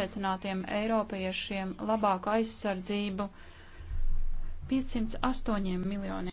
pārliecinātiem eiropiešiem labāku aizsardzību 508 miljoniem.